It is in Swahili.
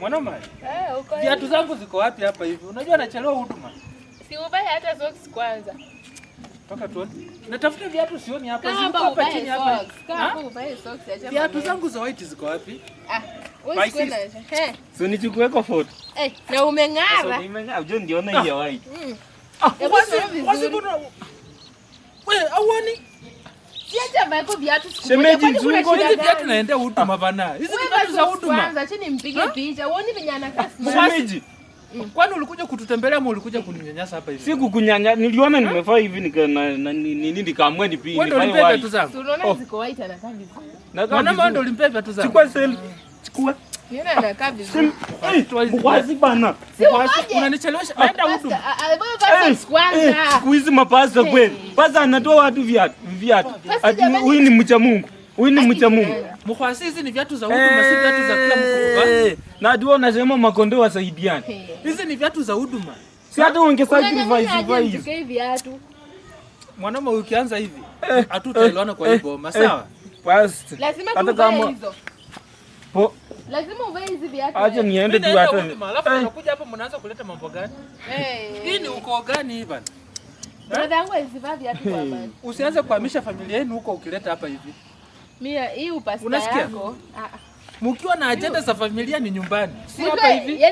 Mwanaume, eh, viatu zangu ziko wapi hapa hivi? Unajua nachelewa huduma. Si ubaya hata socks kwanza. Toka tuone. Natafuta viatu sioni hapa. Ziko hapa chini hapa. Viatu zangu za white ziko wapi? Ah, wewe sikwenda. Eh. So nichukue kwa foto. Eh, na umeng'ara. So nimeng'ara. Unajua ndio na hiyo white. Mm. Ah, wewe au Shemeji nzungu, hizi viatu naendea huduma ah. bana. Hizi viatu za huduma. Kwanza chini mpige picha. Uone venye anakaa. Shemeji. Mm. Kwani ulikuja kututembelea ama ulikuja kuninyanyasa hapa hivi? Si kukunyanya, niliona nimevaa hivi nika na nini nikamwe ni pili. Wewe ndio viatu zangu. Unaona oh. ziko white anataka. Na kama ndio ulimpepa tu zangu. Chukua selfie. Chukua. Siku hizi mapasta kweli, pasta anatoa watu viatu viatu. Huyu ni mcha Mungu, huyu ni mcha Mungu. Na ndio unasema makondoo wasaidiane. Hizi ni viatu za huduma, si hata ungesacrifice viatu. Mwanaume ukianza hivi eh, hatutaelewana kwa hii boma, sawa? Lazima tuwe hizo. Lazima uvae hizi viatu. Acha niende tu hata. Alafu unakuja eh. hapo mnaanza kuleta mambo gani? Eh. Hii ni uko gani Ivan? Brother yangu alizivaa viatu kwa baba. Usianze kuhamisha familia yenu huko ukileta hapa hivi. Mia hii upasta yako. Unasikia? Ah, ah. Mkiwa na ajenda za familia ni nyumbani. Si hapa hivi.